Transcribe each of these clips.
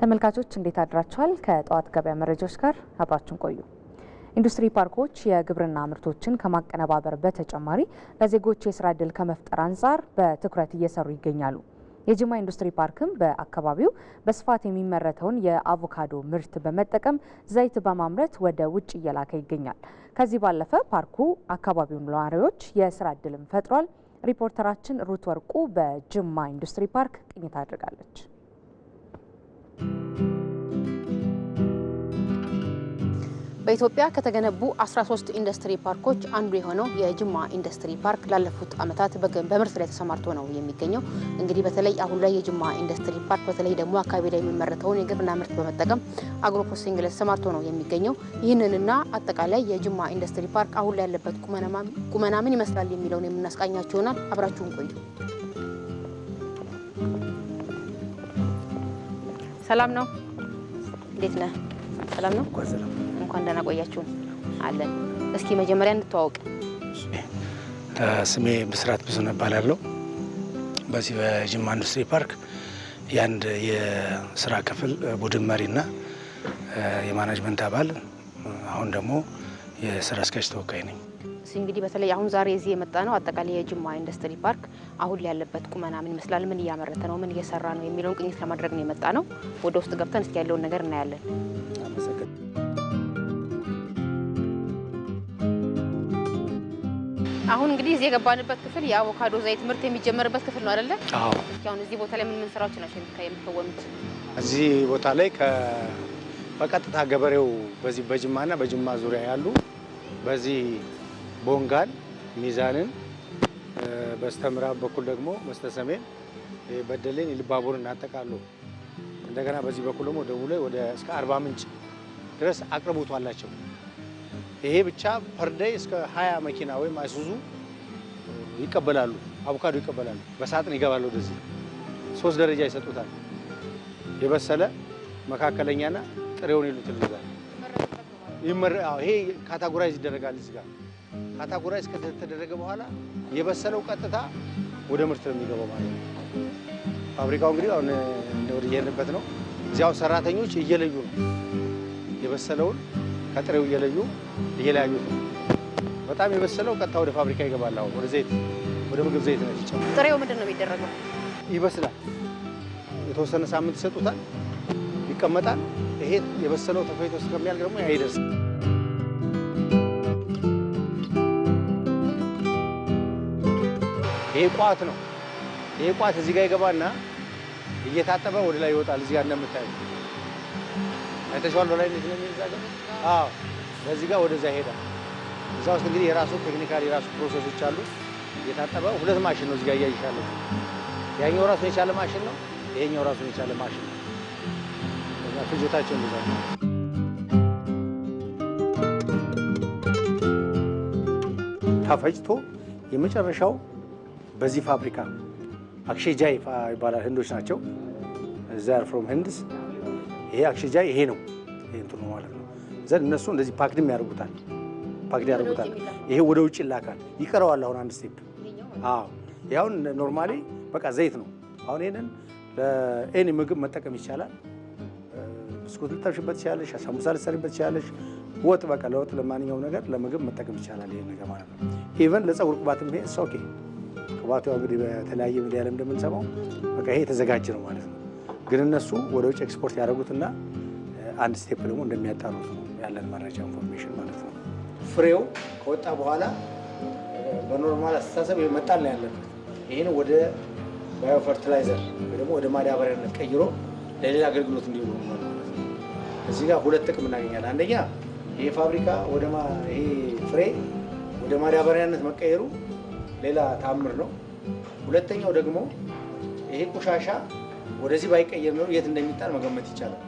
ተመልካቾች እንዴት አድራችኋል? ከጠዋት ገበያ መረጃዎች ጋር አብራችን ቆዩ። ኢንዱስትሪ ፓርኮች የግብርና ምርቶችን ከማቀነባበር በተጨማሪ ለዜጎች የስራ ዕድል ከመፍጠር አንጻር በትኩረት እየሰሩ ይገኛሉ። የጅማ ኢንዱስትሪ ፓርክም በአካባቢው በስፋት የሚመረተውን የአቮካዶ ምርት በመጠቀም ዘይት በማምረት ወደ ውጭ እየላከ ይገኛል። ከዚህ ባለፈ ፓርኩ አካባቢውን ነዋሪዎች የስራ ዕድልም ፈጥሯል። ሪፖርተራችን ሩት ወርቁ በጅማ ኢንዱስትሪ ፓርክ ቅኝት አድርጋለች። በኢትዮጵያ ከተገነቡ 13 ኢንዱስትሪ ፓርኮች አንዱ የሆነው የጅማ ኢንዱስትሪ ፓርክ ላለፉት ዓመታት በምርት ላይ ተሰማርቶ ነው የሚገኘው። እንግዲህ በተለይ አሁን ላይ የጅማ ኢንዱስትሪ ፓርክ በተለይ ደግሞ አካባቢ ላይ የሚመረተውን የግብርና ምርት በመጠቀም አግሮፕሮሴሲንግ ላይ ተሰማርቶ ነው የሚገኘው። ይህንንና አጠቃላይ የጅማ ኢንዱስትሪ ፓርክ አሁን ላይ ያለበት ቁመና ምን ይመስላል የሚለውን የምናስቃኛችሁ ይሆናል። አብራችሁን ቆዩ። ሰላም ነው። እንዴት ነህ? ሰላም ነው። እንኳን ደህና ቆያችሁ አለን። እስኪ መጀመሪያ እንተዋወቅ። ስሜ ብስራት ብዙ እባላለሁ። በዚህ በጅማ ኢንዱስትሪ ፓርክ የአንድ የስራ ክፍል ቡድን መሪና የማናጅመንት አባል አሁን ደግሞ የስራ አስኪያጅ ተወካይ ነኝ። እንግዲህ በተለይ አሁን ዛሬ እዚህ የመጣ ነው አጠቃላይ የጅማ ኢንዱስትሪ ፓርክ አሁን ላይ ያለበት ቁመና ምን ይመስላል፣ ምን እያመረተ ነው፣ ምን እየሰራ ነው የሚለውን ቅኝት ለማድረግ ነው የመጣ ነው። ወደ ውስጥ ገብተን እስኪ ያለውን ነገር እናያለን። አሁን እንግዲህ እዚህ የገባንበት ክፍል የአቮካዶ ዘይት ምርት የሚጀመርበት ክፍል ነው አይደለ? አዎ። አሁን እዚህ ቦታ ላይ ምን ምን ስራዎች ናቸው የምትከወኑት? እዚህ ቦታ ላይ በቀጥታ ገበሬው በዚህ በጅማና በጅማ ዙሪያ ያሉ በዚህ ቦንጋን፣ ሚዛንን በስተምዕራብ በኩል ደግሞ በስተሰሜን በደሌን፣ ኢሉባቡርን እናጠቃሉ። እንደገና በዚህ በኩል ደግሞ ደቡብ ላይ ወደ እስከ አርባ ምንጭ ድረስ አቅርቦት አላቸው። ይሄ ብቻ ፐርደይ እስከ 20 መኪና ወይም አይሱዙ ይቀበላሉ፣ አቮካዶ ይቀበላሉ። በሳጥን ይገባሉ ወደዚህ ሶስት ደረጃ ይሰጡታል። የበሰለ መካከለኛና ጥሬውን ይሉት ይዛል። ይሄ ካታጎራይዝ ይደረጋል። እዚህ ጋር ካታጎራይዝ ከተደረገ በኋላ የበሰለው ቀጥታ ወደ ምርት ነው የሚገባው ማለት ነው። ፋብሪካው እንግዲህ አሁን እንደወደ እየሄድንበት ነው። እዚያው ሰራተኞች እየለዩ ነው የበሰለውን ከጥሬው እየለዩ እየለያዩት ነው። በጣም የበሰለው ቀጥታ ወደ ፋብሪካ ይገባል። አሁን ወደ ዘይት ወደ ምግብ ዘይት ነው የተጫው። ጥሬው ምንድን ነው የሚደረገው? ይበስላል። የተወሰነ ሳምንት ይሰጡታል፣ ይቀመጣል። ይሄ የበሰለው ተፈይቶ እስከሚያልቅ ደግሞ አይደርስ ይሄ ቋት ነው። ይሄ ቋት እዚህ ጋር ይገባና እየታጠበ ወደ ላይ ይወጣል። እዚህ ጋር እንደምታዩ አይተሽዋል። በላይ እንዴት ነው የሚይዛ? አዎ፣ በዚህ ጋር ወደዛ ይሄዳል። እዛ ውስጥ እንግዲህ የራሱ ቴክኒካል የራሱ ፕሮሰሶች አሉ። የታጠበ ሁለት ማሽን ነው እዚህ ጋር እያይሻለሁ። ያኛው ራሱን የቻለ ማሽን ነው፣ ይሄኛው ራሱን የቻለ ማሽን ነው። እዛ ፍጆታቸው እንደዛ ነው። ተፈጭቶ የመጨረሻው በዚህ ፋብሪካ አክሼጃ ይባላል። ህንዶች ናቸው። ዘር ፍሮም ህንድስ ይሄ አክሽጃ ይሄ ነው እንትኑ ማለት ነው። ዘን እነሱ እንደዚህ ፓክድም ያደርጉታል፣ ፓክድ ያደርጉታል። ይሄ ወደ ውጭ ይላካል፣ ይቀረዋል። አሁን አንድ ስቴፕ። አዎ ያሁን ኖርማሊ በቃ ዘይት ነው። አሁን ይሄንን ለኤኒ ምግብ መጠቀም ይቻላል። ብስኩት ልታሽበት ትችላለሽ፣ ሳሙሳ ልትሰሪበት ትችላለሽ። ወጥ በቃ ለወጥ ለማንኛውም ነገር ለምግብ መጠቀም ይቻላል። ይሄ ነገር ማለት ነው። ኢቨን ለፀጉር ቅባትም ይሄ ኦኬ። ቅባቱ እንግዲህ በተለያየ ሚዲያ ላይ እንደምንሰማው በቃ ይሄ የተዘጋጀ ነው ማለት ነው። ግን እነሱ ወደ ውጭ ኤክስፖርት ያደረጉትና አንድ ስቴፕ ደግሞ እንደሚያጣሉት ነው ያለን መረጃ ኢንፎርሜሽን ማለት ነው። ፍሬው ከወጣ በኋላ በኖርማል አስተሳሰብ የመጣል ነው ያለን። ይህን ወደ ባዮፈርቲላይዘር ወይ ደግሞ ወደ ማዳበሪያነት ቀይሮ ለሌላ አገልግሎት እንዲውሉ እዚህ ጋር ሁለት ጥቅም እናገኛለን። አንደኛ ይሄ ፋብሪካ ይሄ ፍሬ ወደ ማዳበሪያነት መቀየሩ ሌላ ተአምር ነው። ሁለተኛው ደግሞ ይሄ ቆሻሻ ወደዚህ ባይቀየር ኖሮ የት እንደሚጣል መገመት ይቻላል።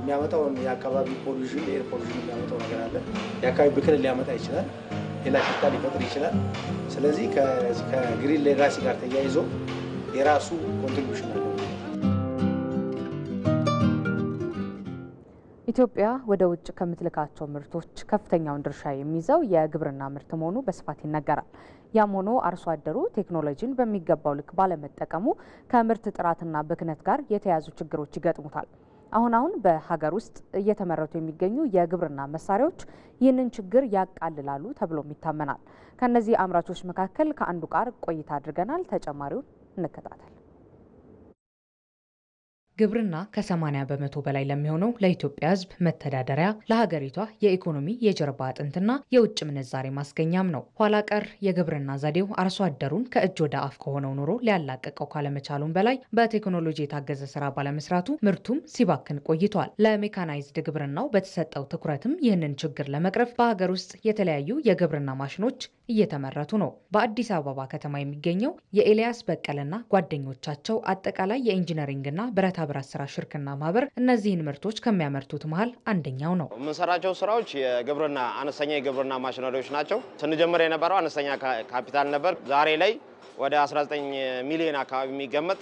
የሚያመጣው የአካባቢ ፖሉሽን፣ የኤር ፖሉሽን የሚያመጣው ነገር አለ። የአካባቢ ብክልን ሊያመጣ ይችላል። ሌላ ሽታ ሊፈጥር ይችላል። ስለዚህ ከግሪን ሌጋሲ ጋር ተያይዞ የራሱ ኮንትሪቢሽን አለ። ኢትዮጵያ ወደ ውጭ ከምትልካቸው ምርቶች ከፍተኛውን ድርሻ የሚይዘው የግብርና ምርት መሆኑ በስፋት ይነገራል። ያም ሆኖ አርሶ አደሩ ቴክኖሎጂን በሚገባው ልክ ባለመጠቀሙ ከምርት ጥራትና ብክነት ጋር የተያያዙ ችግሮች ይገጥሙታል። አሁን አሁን በሀገር ውስጥ እየተመረቱ የሚገኙ የግብርና መሳሪያዎች ይህንን ችግር ያቃልላሉ ተብሎም ይታመናል። ከእነዚህ አምራቾች መካከል ከአንዱ ጋር ቆይታ አድርገናል። ተጨማሪውን እንከታተል። ግብርና ከ80 በመቶ በላይ ለሚሆነው ለኢትዮጵያ ሕዝብ መተዳደሪያ ለሀገሪቷ የኢኮኖሚ የጀርባ አጥንትና የውጭ ምንዛሬ ማስገኛም ነው። ኋላ ቀር የግብርና ዘዴው አርሶ አደሩን ከእጅ ወደ አፍ ከሆነው ኑሮ ሊያላቀቀው ካለመቻሉም በላይ በቴክኖሎጂ የታገዘ ስራ ባለመስራቱ ምርቱም ሲባክን ቆይቷል። ለሜካናይዝድ ግብርናው በተሰጠው ትኩረትም ይህንን ችግር ለመቅረፍ በሀገር ውስጥ የተለያዩ የግብርና ማሽኖች እየተመረቱ ነው። በአዲስ አበባ ከተማ የሚገኘው የኤልያስ በቀለና ጓደኞቻቸው አጠቃላይ የኢንጂነሪንግና ብረታ ብረት ስራ ሽርክና ማህበር እነዚህን ምርቶች ከሚያመርቱት መሀል አንደኛው ነው። የምንሰራቸው ስራዎች የግብርና አነስተኛ የግብርና ማሽነሪዎች ናቸው። ስንጀምር የነበረው አነስተኛ ካፒታል ነበር። ዛሬ ላይ ወደ 19 ሚሊዮን አካባቢ የሚገመት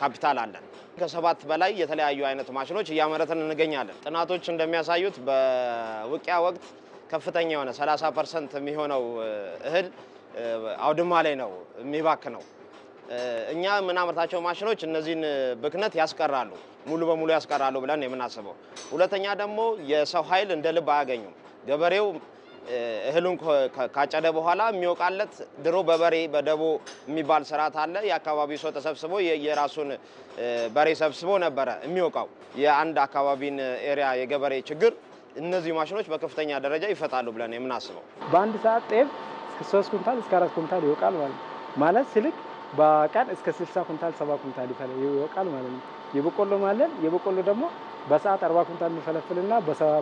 ካፒታል አለን። ከሰባት በላይ የተለያዩ አይነት ማሽኖች እያመረትን እንገኛለን። ጥናቶች እንደሚያሳዩት በውቂያ ወቅት ከፍተኛ የሆነ 30 ፐርሰንት የሚሆነው እህል አውድማ ላይ ነው የሚባክ ነው። እኛ የምናመርታቸው ማሽኖች እነዚህን ብክነት ያስቀራሉ፣ ሙሉ በሙሉ ያስቀራሉ ብለን የምናስበው። ሁለተኛ ደግሞ የሰው ኃይል እንደ ልብ አያገኙም። ገበሬው እህሉን ካጨደ በኋላ የሚወቃለት ድሮ በበሬ በደቦ የሚባል ስርዓት አለ። የአካባቢው ሰው ተሰብስቦ የራሱን በሬ ሰብስቦ ነበረ የሚወቃው። የአንድ አካባቢን ኤሪያ የገበሬ ችግር እነዚህ ማሽኖች በከፍተኛ ደረጃ ይፈታሉ ብለን የምናስበው በአንድ ሰዓት ጤፍ እስከ ሶስት ኩንታል እስከ አራት ኩንታል ይወቃል ማለት ነው። ማለት ስልክ በቀን እስከ 60 ኩንታል ሰባ ኩንታል ይወቃል ማለት ነው። የበቆሎ ማለት የበቆሎ ደግሞ በሰዓት 40 ኩንታል የሚፈለፍልና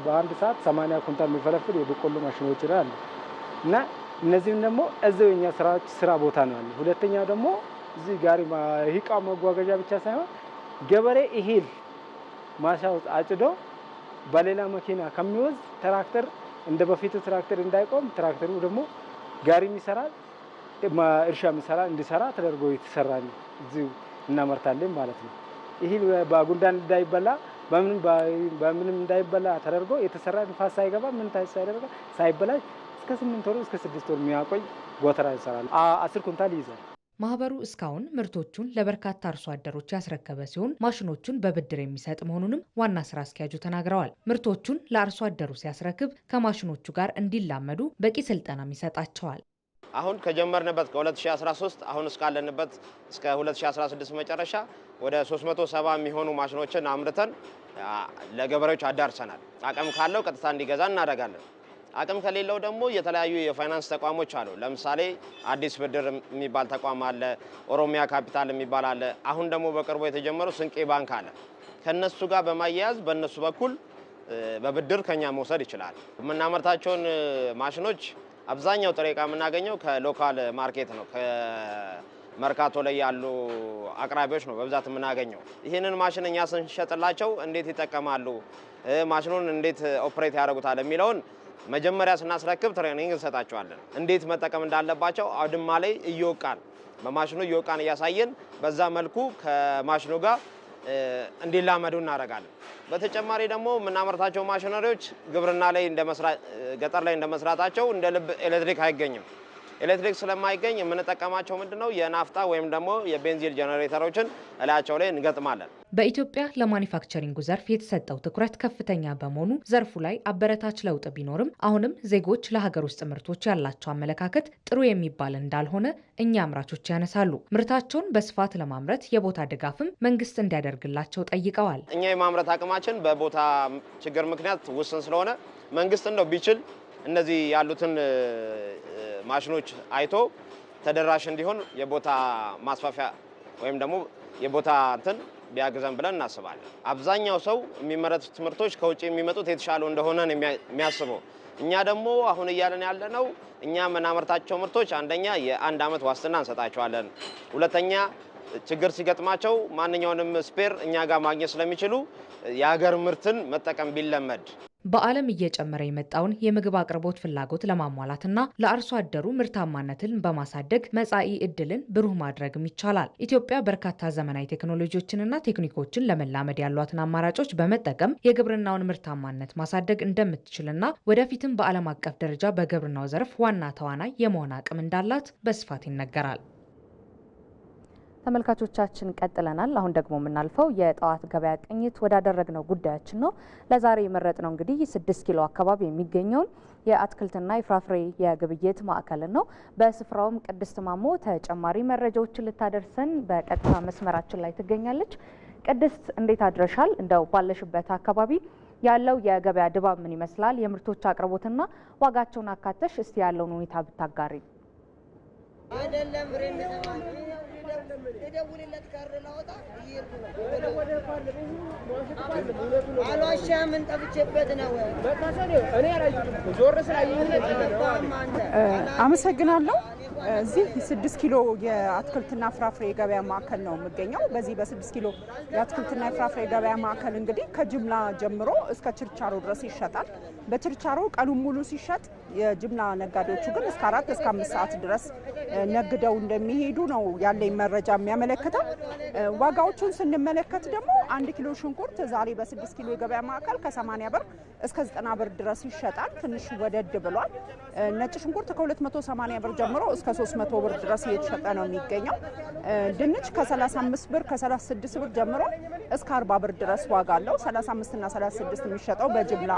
በአንድ ሰዓት 80 ኩንታል የሚፈለፍል የበቆሎ ማሽኖች ይላል እና እነዚህም ደግሞ እዚው የኛ ስራዎች ስራ ቦታ ነው ያለ። ሁለተኛው ደግሞ እዚህ ጋሪ እቃ መጓጓዣ ብቻ ሳይሆን ገበሬ እህል ማሻው አጭዶ በሌላ መኪና ከሚወዝ ትራክተር እንደ በፊቱ ትራክተር እንዳይቆም ትራክተሩ ደግሞ ጋሪም ይሰራል፣ እርሻም ይሰራል እንዲሰራ ተደርጎ የተሰራ ነው። እናመርታለን ማለት ነው። ይህ በጉንዳን እንዳይበላ በምንም እንዳይበላ ተደርጎ የተሰራ ንፋስ ሳይገባ ምን ሳይደረጋ ሳይበላሽ እስከ ስምንት ወር እስከ ስድስት ወር የሚያቆይ ጎተራ ይሰራል። አስር ኩንታል ይይዛል። ማህበሩ እስካሁን ምርቶቹን ለበርካታ አርሶ አደሮች ያስረከበ ሲሆን ማሽኖቹን በብድር የሚሰጥ መሆኑንም ዋና ስራ አስኪያጁ ተናግረዋል። ምርቶቹን ለአርሶ አደሩ ሲያስረክብ ከማሽኖቹ ጋር እንዲላመዱ በቂ ስልጠናም ይሰጣቸዋል። አሁን ከጀመርንበት ከ2013 አሁን እስካለንበት እስከ 2016 መጨረሻ ወደ 370 የሚሆኑ ማሽኖችን አምርተን ለገበሬዎች አዳርሰናል። አቅም ካለው ቀጥታ እንዲገዛ እናደርጋለን። አቅም ከሌለው ደግሞ የተለያዩ የፋይናንስ ተቋሞች አሉ። ለምሳሌ አዲስ ብድር የሚባል ተቋም አለ፣ ኦሮሚያ ካፒታል የሚባል አለ። አሁን ደግሞ በቅርቡ የተጀመረው ስንቄ ባንክ አለ። ከነሱ ጋር በማያያዝ በእነሱ በኩል በብድር ከኛ መውሰድ ይችላል። የምናመርታቸውን ማሽኖች አብዛኛው ጥሬ ዕቃ የምናገኘው ከሎካል ማርኬት ነው። መርካቶ ላይ ያሉ አቅራቢዎች ነው በብዛት የምናገኘው። ይህንን ማሽን እኛ ስንሸጥላቸው እንዴት ይጠቀማሉ፣ ማሽኑን እንዴት ኦፕሬት ያደርጉታል የሚለውን መጀመሪያ ስናስረክብ ትሬኒንግ እንሰጣቸዋለን። እንዴት መጠቀም እንዳለባቸው አውድማ ላይ እየወቃን በማሽኑ እየወቃን እያሳየን በዛ መልኩ ከማሽኑ ጋር እንዲላመዱ እናደርጋለን። በተጨማሪ ደግሞ የምናመርታቸው ማሽነሪዎች ግብርና ላይ ገጠር ላይ እንደመስራታቸው እንደ ልብ ኤሌክትሪክ አይገኝም። ኤሌክትሪክ ስለማይገኝ የምንጠቀማቸው ምንድነው የናፍጣ ወይም ደግሞ የቤንዚል ጀኔሬተሮችን እላያቸው ላይ እንገጥማለን። በኢትዮጵያ ለማኒፋክቸሪንጉ ዘርፍ የተሰጠው ትኩረት ከፍተኛ በመሆኑ ዘርፉ ላይ አበረታች ለውጥ ቢኖርም አሁንም ዜጎች ለሀገር ውስጥ ምርቶች ያላቸው አመለካከት ጥሩ የሚባል እንዳልሆነ እኛ አምራቾች ያነሳሉ። ምርታቸውን በስፋት ለማምረት የቦታ ድጋፍም መንግስት እንዲያደርግላቸው ጠይቀዋል። እኛ የማምረት አቅማችን በቦታ ችግር ምክንያት ውስን ስለሆነ መንግስት እንደው ቢችል እነዚህ ያሉትን ማሽኖች አይቶ ተደራሽ እንዲሆን የቦታ ማስፋፊያ ወይም ደግሞ የቦታ እንትን ቢያግዘን ብለን እናስባለን። አብዛኛው ሰው የሚመረቱት ትምህርቶች ከውጭ የሚመጡት የተሻሉ እንደሆነ የሚያስበው እኛ ደግሞ አሁን እያለን ያለነው እኛ የምናመርታቸው ምርቶች አንደኛ የአንድ ዓመት ዋስትና እንሰጣቸዋለን፣ ሁለተኛ ችግር ሲገጥማቸው ማንኛውንም ስፔር እኛ ጋር ማግኘት ስለሚችሉ የሀገር ምርትን መጠቀም ቢለመድ በዓለም እየጨመረ የመጣውን የምግብ አቅርቦት ፍላጎት ለማሟላትና ለአርሶ አደሩ ምርታማነትን በማሳደግ መጻኢ እድልን ብሩህ ማድረግም ይቻላል። ኢትዮጵያ በርካታ ዘመናዊ ቴክኖሎጂዎችንና ቴክኒኮችን ለመላመድ ያሏትን አማራጮች በመጠቀም የግብርናውን ምርታማነት ማሳደግ እንደምትችልና ወደፊትም በዓለም አቀፍ ደረጃ በግብርናው ዘርፍ ዋና ተዋናይ የመሆን አቅም እንዳላት በስፋት ይነገራል። ተመልካቾቻችን ቀጥለናል። አሁን ደግሞ የምናልፈው የጠዋት ገበያ ቅኝት ወዳደረግነው ጉዳያችን ነው። ለዛሬ የመረጥነው እንግዲህ ስድስት ኪሎ አካባቢ የሚገኘውን የአትክልትና የፍራፍሬ የግብይት ማዕከልን ነው። በስፍራውም ቅድስት ማሞ ተጨማሪ መረጃዎችን ልታደርሰን በቀጥታ መስመራችን ላይ ትገኛለች። ቅድስት እንዴት አድረሻል? እንደው ባለሽበት አካባቢ ያለው የገበያ ድባብ ምን ይመስላል? የምርቶች አቅርቦትና ዋጋቸውን አካተሽ እስቲ ያለውን ሁኔታ ብታጋሪ። ልደውልለት ካርድ ላወጣ አሏሻ ምን ጠብቼበት ነው። አመሰግናለሁ። እዚህ ስድስት ኪሎ የአትክልትና ፍራፍሬ ገበያ ማዕከል ነው የምገኘው። በዚህ በስድስት ኪሎ የአትክልትና የፍራፍሬ ገበያ ማዕከል እንግዲህ ከጅምላ ጀምሮ እስከ ችርቻሮ ድረስ ይሸጣል። በችርቻሮ ቀኑን ሙሉ ሲሸጥ የጅምላ ነጋዴዎቹ ግን እስከ አራት እስከ አምስት ሰዓት ድረስ ነግደው እንደሚሄዱ ነው ያለኝ መረጃ የሚያመለክተው። ዋጋዎቹን ስንመለከት ደግሞ አንድ ኪሎ ሽንኩርት ዛሬ በስድስት ኪሎ የገበያ ማዕከል ከሰማንያ ብር እስከ ዘጠና ብር ድረስ ይሸጣል። ትንሽ ወደድ ብሏል። ነጭ ሽንኩርት ከሁለት መቶ ሰማንያ ብር ጀምሮ እስከ ሶስት መቶ ብር ድረስ እየተሸጠ ነው የሚገኘው። ድንች ከሰላሳ አምስት ብር ከሰላሳ ስድስት ብር ጀምሮ እስከ አርባ ብር ድረስ ዋጋ አለው። ሰላሳ አምስትና ሰላሳ ስድስት የሚሸጠው በጅምላ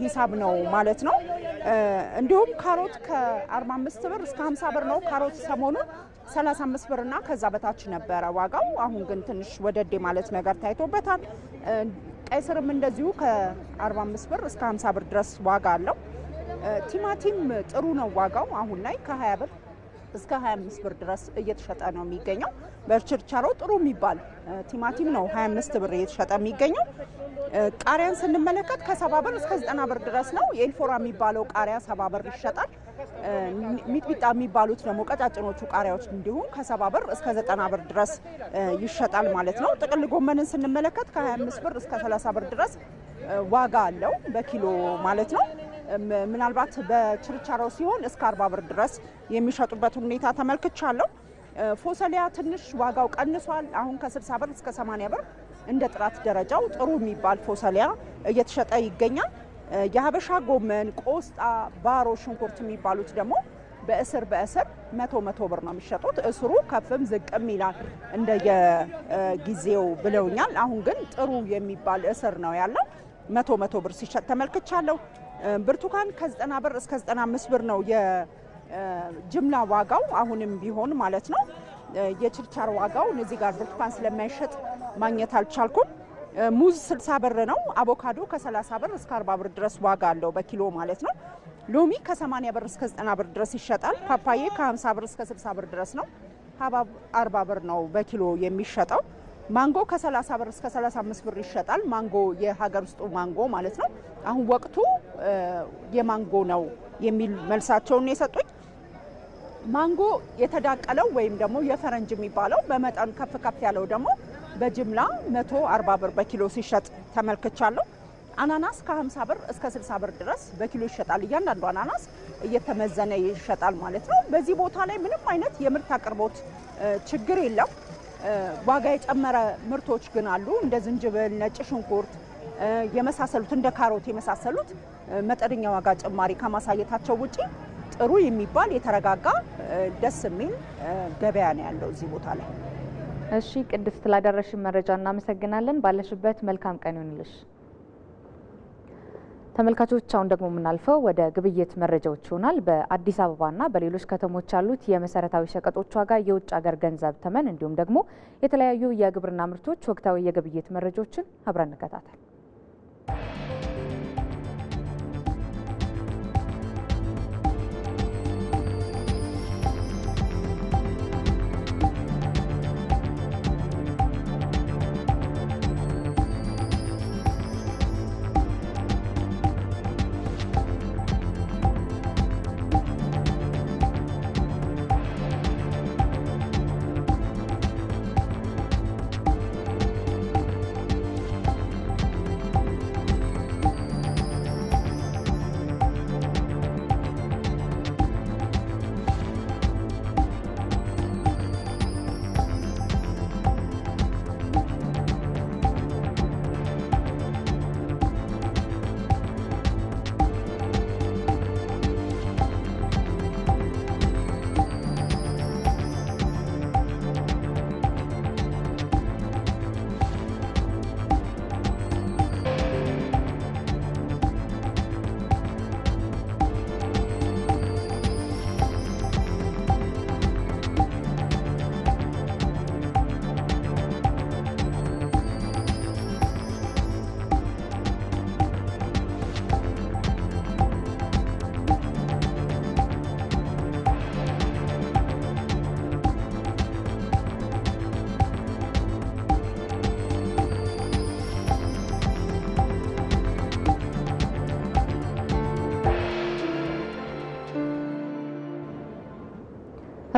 ሂሳብ ነው ማለት ነው። እንዲሁም ካሮት ከ45 ብር እስከ 50 ብር ነው። ካሮት ሰሞኑን 35 ብር እና ከዛ በታች ነበረ ዋጋው። አሁን ግን ትንሽ ወደዴ ማለት ነገር ታይቶበታል። ቀይ ስርም እንደዚሁ ከ45 ብር እስከ 50 ብር ድረስ ዋጋ አለው። ቲማቲም ጥሩ ነው ዋጋው አሁን ላይ ከ20 ብር እስከ 25 ብር ድረስ እየተሸጠ ነው የሚገኘው። በችርቻሮ ጥሩ የሚባል ቲማቲም ነው 25 ብር እየተሸጠ የሚገኘው። ቃሪያን ስንመለከት ከሰባ ብር እስከ 90 ብር ድረስ ነው። የኢንፎራ የሚባለው ቃሪያ ሰባ ብር ይሸጣል። ሚጥሚጣ የሚባሉት ደግሞ ቀጫጭኖቹ ቃሪያዎች እንዲሁም ከሰባ ብር እስከ 90 ብር ድረስ ይሸጣል ማለት ነው። ጥቅል ጎመንን ስንመለከት ከ25 ብር እስከ 30 ብር ድረስ ዋጋ አለው በኪሎ ማለት ነው። ምናልባት በችርቻሮ ሲሆን እስከ 40 ብር ድረስ የሚሸጡበት ሁኔታ ተመልክቻለሁ። ፎሰሊያ ትንሽ ዋጋው ቀንሷል። አሁን ከ60 ብር እስከ 80 ብር እንደ ጥራት ደረጃው ጥሩ የሚባል ፎሰሊያ እየተሸጠ ይገኛል። የሀበሻ ጎመን፣ ቆስጣ፣ ባሮ ሽንኩርት የሚባሉት ደግሞ በእስር በእስር መቶ መቶ ብር ነው የሚሸጡት። እስሩ ከፍም ዝቅም ይላል እንደየጊዜው ብለውኛል። አሁን ግን ጥሩ የሚባል እስር ነው ያለው። መቶ መቶ ብር ሲሸጥ ተመልክቻለሁ። ብርቱካን ከ90 ብር እስከ 95 ብር ነው ጅምላ ዋጋው አሁንም ቢሆን ማለት ነው የችርቻር ዋጋው እዚህ ጋር ብርቱካን ስለማይሸጥ ማግኘት አልቻልኩም። ሙዝ 60 ብር ነው። አቮካዶ ከ30 ብር እስከ 40 ብር ድረስ ዋጋ አለው በኪሎ ማለት ነው። ሎሚ ከ80 ብር እስከ 90 ብር ድረስ ይሸጣል። ፓፓዬ ከ50 ብር እስከ 60 ብር ድረስ ነው። ሀባብ 40 ብር ነው በኪሎ የሚሸጠው። ማንጎ ከ30 ብር እስከ 35 ብር ይሸጣል። ማንጎ የሀገር ውስጡ ማንጎ ማለት ነው። አሁን ወቅቱ የማንጎ ነው የሚል መልሳቸውን የሰጡኝ ማንጎ የተዳቀለው ወይም ደግሞ የፈረንጅ የሚባለው በመጠኑ ከፍ ከፍ ያለው ደግሞ በጅምላ 140 ብር በኪሎ ሲሸጥ ተመልክቻለሁ። አናናስ ከ50 ብር እስከ 60 ብር ድረስ በኪሎ ይሸጣል። እያንዳንዱ አናናስ እየተመዘነ ይሸጣል ማለት ነው። በዚህ ቦታ ላይ ምንም አይነት የምርት አቅርቦት ችግር የለም። ዋጋ የጨመረ ምርቶች ግን አሉ እንደ ዝንጅብል፣ ነጭ ሽንኩርት የመሳሰሉት እንደ ካሮት የመሳሰሉት መጠነኛ ዋጋ ጭማሪ ከማሳየታቸው ውጪ ጥሩ የሚባል የተረጋጋ ደስ የሚል ገበያ ነው ያለው እዚህ ቦታ ላይ። እሺ ቅድስት ስላደረሽን መረጃ እናመሰግናለን። ባለሽበት መልካም ቀን ይሁንልሽ። ተመልካቾች አሁን ደግሞ የምናልፈው ወደ ግብይት መረጃዎች ይሆናል። በአዲስ አበባና በሌሎች ከተሞች ያሉት የመሰረታዊ ሸቀጦች ዋጋ፣ የውጭ ሀገር ገንዘብ ተመን እንዲሁም ደግሞ የተለያዩ የግብርና ምርቶች ወቅታዊ የግብይት መረጃዎችን አብረን እንከታተል።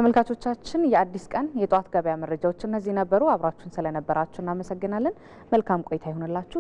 ተመልካቾቻችን የአዲስ ቀን የጠዋት ገበያ መረጃዎች እነዚህ ነበሩ። አብራችሁን ስለነበራችሁ እናመሰግናለን። መልካም ቆይታ ይሁንላችሁ።